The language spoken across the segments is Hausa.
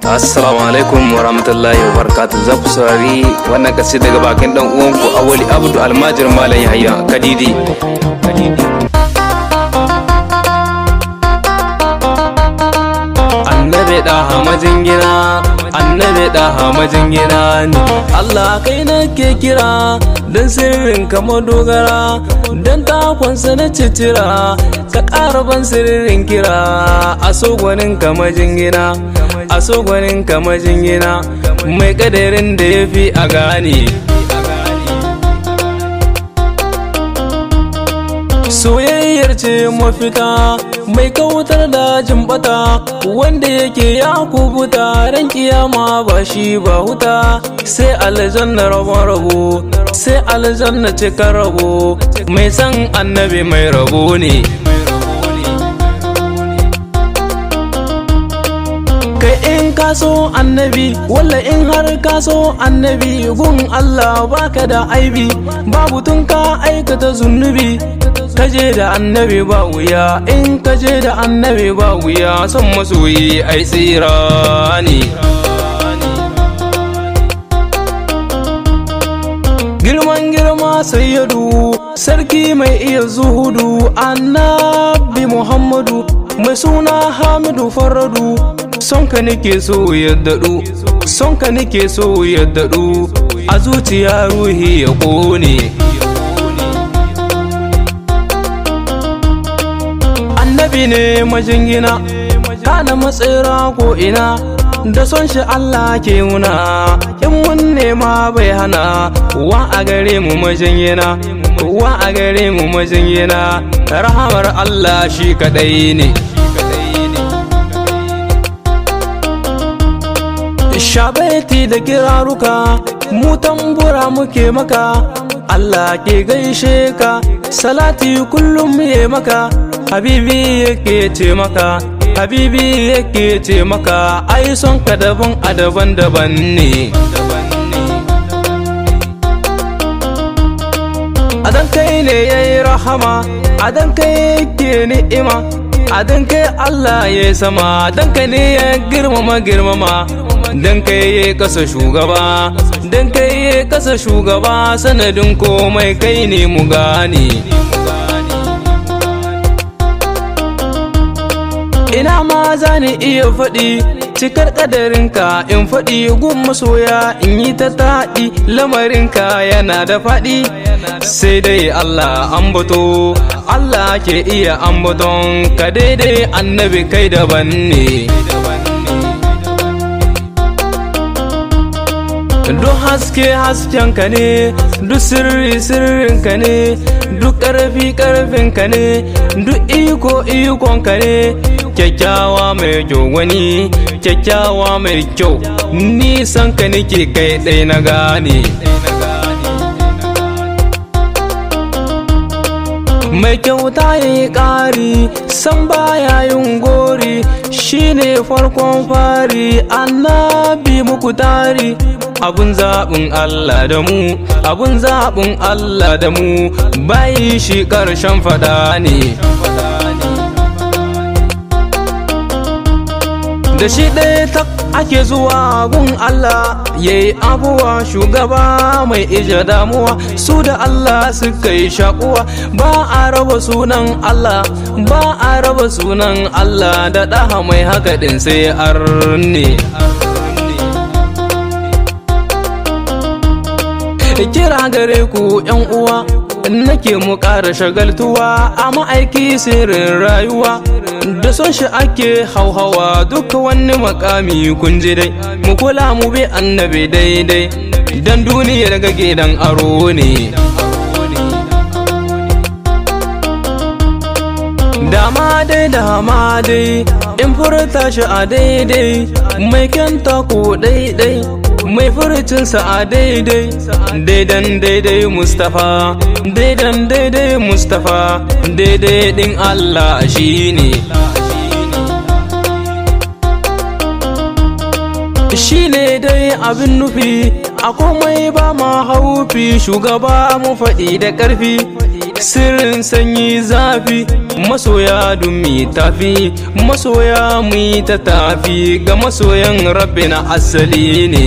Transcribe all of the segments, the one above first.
Assalamu alaikum wa rahmatullahi wa za ku saurari wannan kasi daga bakin dan uwanku Awali Abdu Almajir Malam Yahaya Kadidi. Annabi da hamajin gina annabi da hamajin gina ne Allah kai nake kira don sirrin ka madogara don takonsa na cicira ka ƙaraban sirrin kira a so gwanin ka gina a so gwanin kama jingina mai kadarin da ya fi a gane soyayyar ce mafita mai kautar da jimbata wanda yake ya kubuta ran kiyama ba shi ba huta sai aljanna rabon rabo sai aljanna cikin rabo mai san annabi mai rabo ne in ka annabi walla in har kaso annabi gun Allah baka da aibi babu tun ka aikata zunubi kaje da annabi ba wuya in kaje da annabi ba wuya son masoyi ai tsira ne girman girma sayyadu sarki mai iya zuhudu annabi muhammadu mai suna hamidu faradu ka nake so ya son ka nake so ya daɗo, a zuciya ruhi ya ƙone annabi ne majingina na matsira ko ina da son shi Allah ke muna in wanne ma bai hana wa a gare mu majingina wa a gare mu majingina rahamar Allah shi kaɗai ne shabaiti da kiraruka mu tambura muke maka Allah ke gaishe ka salati kullum ya maka habibi yake ce maka habibi yake ce maka ai son ka daban a daban daban ne adan kai ne yayi rahama adan kai yake ni'ima adan kai Allah ya sama adan kai ne ya girmama girmama dan kaiye kasa shugaba dan kaiye kasa shugaba sanadin komai kai ne mu gane ina ma za ni iya faɗi cikar kadarinka in faɗi gun masoya in yi ta taɗi lamarinka yana da faɗi sai dai Allah ambato Allah ke iya ambaton ka daidai annabi kai daban ne duk haske haskenka ne duk sirri sirrinka ne duk ƙarfi ƙarfinka ne duk iko ikonka ne kyakkyawa mai kyau wani kyakkyawa mai kyau nisan ka nake kai ɗai na gane mai kyauta ya yi ƙari san baya yin gori shine farkon fari annabi muku tari abun zaɓin Allah da mu abun zaɓin Allah da mu bayi shi ƙarshen fada ne da shi ɗaya ta ake zuwa gun Allah ya yi abuwa shugaba mai ija damuwa su da Allah suka yi shakuwa ba a raba sunan Allah ba a raba sunan Allah da ɗaha mai haka ɗin sai arne. kira gare ku yan uwa nake mu ƙara shagaltuwa a ma'aiki sirrin rayuwa da son shi ake hauhawa duk wani makami kun ji dai mu kula mu bi annabi daidai dan duniya daga gidan aro ne dama dai dama dai in furta shi a daidai mai kyanta ku daidai mai sa a daidai daidan daidai mustafa daidan daidai mustafa daidai din allah shine shine dai abin nufi a komai ba ma haufi shugaba mu faɗi da ƙarfi sirrin sanyi zafi masoya dumi tafi masoya mu ta tafi ga masoyan rabbi na asali ne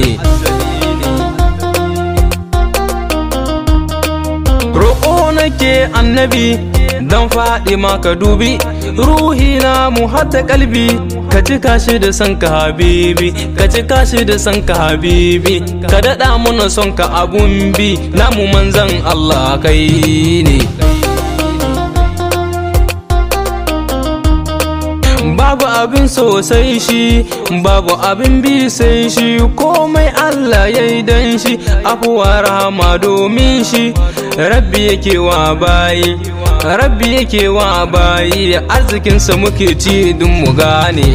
roƙo nake annabi dan faɗi ka dubi ruhi na mu hata kalbi ka cika shi da son ka habibi ka cika shi da son ka habibi ka daɗa mana son ka abun bi namu manzan Allah kai ne abin sosai shi babu abin bi sai shi komai Allah ya yi dan shi afuwa rahama domin shi rabbi yake wa bayi rabbi yake wa bayi arzikinsa muke ci dun mu gane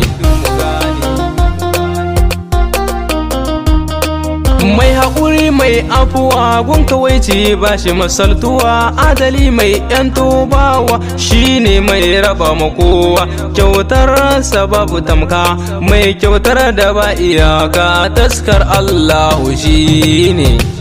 mai haƙuri mai afuwa gun kawai ce ba shi masaltuwa adali mai yan tubawa shine mai raba ma kowa kyautar sababu tamka mai kyautar da ba iyaka taskar allahu shine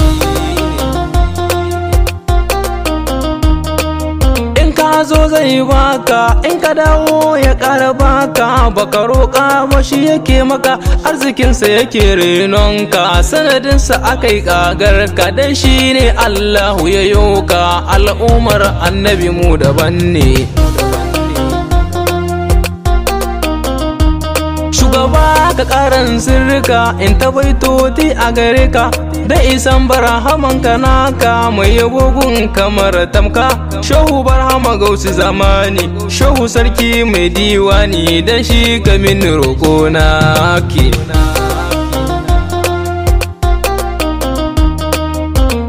zai baka in ka dawo ya kara baka baka roƙa ba shi yake maka arzikinsa yake renonka sanadinsa aka yi ƙagar ka dan shi ne allahu ya yoka al'umar annabi mu daban ne shugaba ka karan sirrika in tabaitoti a gare ka da isan barhaman naka mai yabogun kamar tamka shehu barhama gausu zamani shehu sarki mai diwani dan shi kamin roko na ke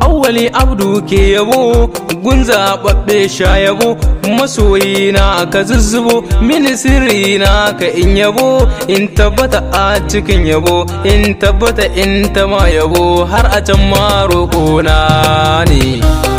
awali abdu ke yabo gunza babbe sha yabo masoyina ka zuzzubo mini sirrina ka in yabo in tabbata a cikin yabo in tabbata in ta ma yabo har a can ma na ne